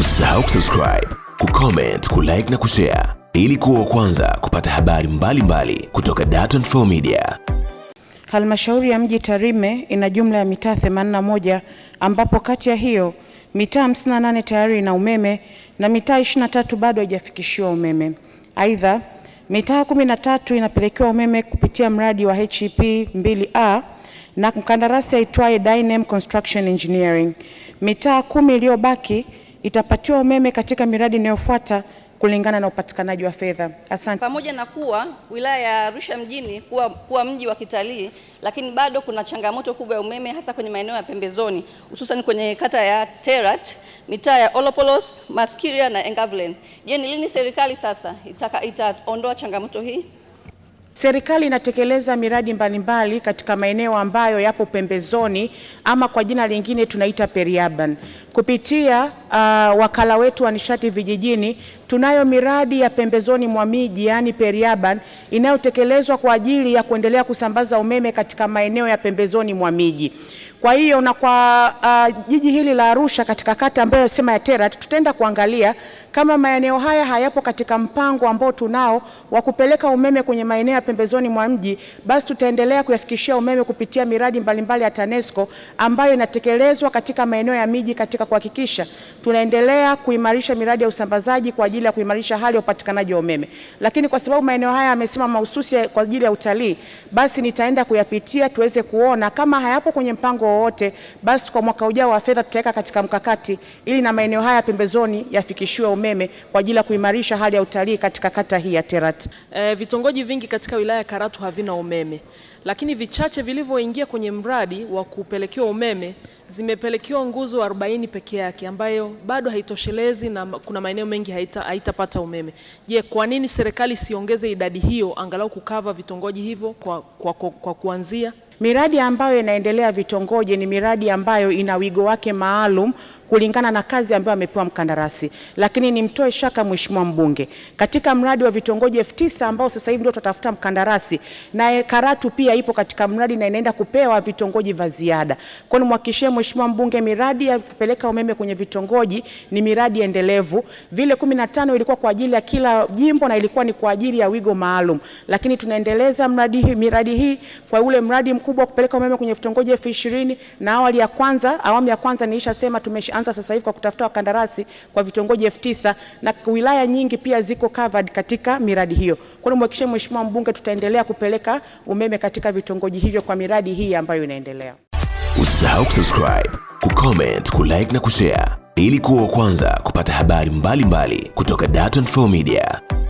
Usisahau kusubscribe, kucomment, kulike na kushare ili kuwa kwanza kupata habari mbalimbali mbali kutoka Dar24 Media. Halmashauri ya mji Tarime ina jumla ya mitaa 81 ambapo kati ya hiyo mitaa 58 tayari ina umeme na mitaa 23 bado haijafikishiwa umeme. Aidha, mitaa 13 inapelekewa umeme kupitia mradi wa HEP 2A na mkandarasi aitwaye Dynam Construction Engineering. Mitaa kumi iliyobaki itapatiwa umeme katika miradi inayofuata kulingana na upatikanaji wa fedha. Asante. Pamoja na kuwa wilaya ya Arusha mjini kuwa, kuwa mji wa kitalii, lakini bado kuna changamoto kubwa ya umeme hasa kwenye maeneo ya pembezoni, hususan kwenye kata ya Terat, mitaa ya Olopolos, Maskiria na Engavlen. Je, ni lini serikali sasa itaondoa changamoto hii? Serikali inatekeleza miradi mbalimbali mbali katika maeneo ambayo yapo pembezoni ama kwa jina lingine tunaita periurban kupitia uh, wakala wetu wa nishati vijijini, tunayo miradi ya pembezoni mwa miji yani periaban inayotekelezwa kwa ajili ya kuendelea kusambaza umeme katika maeneo ya pembezoni mwa miji. Kwa hiyo na kwa uh, jiji hili la Arusha katika kata ambayo sema ya Terat, tutaenda kuangalia kama maeneo haya hayapo katika mpango ambao tunao wa kupeleka umeme kwenye maeneo ya pembezoni mwa mji, basi tutaendelea kuyafikishia umeme kupitia miradi mbalimbali mbali ya TANESCO ambayo inatekelezwa katika maeneo ya miji katika kuhakikisha tunaendelea kuimarisha miradi ya usambazaji kwa ajili ya kuimarisha hali ya upatikanaji wa umeme, lakini kwa sababu maeneo haya yamesema mahususi kwa ajili ya utalii, basi nitaenda kuyapitia tuweze kuona kama hayapo kwenye mpango wowote, basi kwa mwaka ujao wa fedha tutaweka katika mkakati ili na maeneo haya pembezoni yafikishiwe umeme kwa ajili ya kuimarisha hali ya utalii katika kata hii ya Terrat. E, eh, vitongoji vingi katika wilaya ya Karatu havina umeme lakini vichache vilivyoingia kwenye mradi wa kupelekewa umeme zimepelekewa nguzo 40 peke yake ambayo bado haitoshelezi na kuna maeneo mengi haita, haitapata umeme. Je, kwa nini serikali isiongeze idadi hiyo angalau kukava vitongoji hivyo kwa, kwa, kwa, kwa kuanzia? Miradi ambayo inaendelea vitongoji ni miradi ambayo ina wigo wake maalum kulingana na kazi ambayo amepewa mkandarasi. Lakini nimtoe shaka mheshimiwa mbunge, katika mradi wa vitongoji elfu tisa ambao sasa hivi ndio tutatafuta mkandarasi, na Karatu pia ipo katika mradi na inaenda kupewa vitongoji vya ziada. Kwa hiyo nimhakikishie mheshimiwa mbunge, miradi ya kupeleka umeme kwenye vitongoji ni miradi endelevu. Vile 15 ilikuwa kwa ajili ya kila jimbo na ilikuwa ni kwa ajili ya wigo maalum, lakini tunaendeleza mradi hii, miradi hii kwa ule mradi mkuu kubwa kupeleka umeme kwenye vitongoji elfu ishirini na awali ya kwanza, awamu ya kwanza niishasema tumeanza sasa hivi kwa kutafuta wakandarasi kwa vitongoji elfu tisa na wilaya nyingi pia ziko covered katika miradi hiyo. Kwa nimhakikishie Mheshimiwa Mbunge, tutaendelea kupeleka umeme katika vitongoji hivyo kwa miradi hii ambayo inaendelea. Usisahau kusubscribe, kucomment, kulike na kushare ili kuwa wa kwanza kupata habari mbalimbali mbali kutoka Dar24 Media.